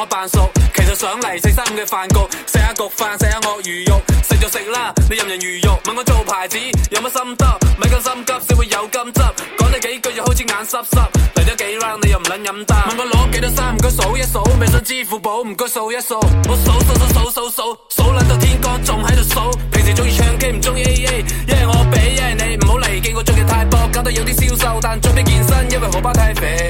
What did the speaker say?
我扮熟，其實上嚟四三五嘅飯局，食下焗飯，食下鱷魚肉，食就食啦。你任人魚肉，問我做牌子有乜心得，咪咁心急，先會有金執。講你幾句又好似眼濕濕，嚟咗幾 round 你又唔撚飲啖。問我攞幾多衫唔該數一數，微信支付寶唔該數一數，我數數數數數數數撚到天光仲喺度數。平時中意唱 K 唔中意 AA，一係我俾一係你，唔好嚟見我中意太薄，搞到有啲消瘦，但準備健身，因為荷包太肥。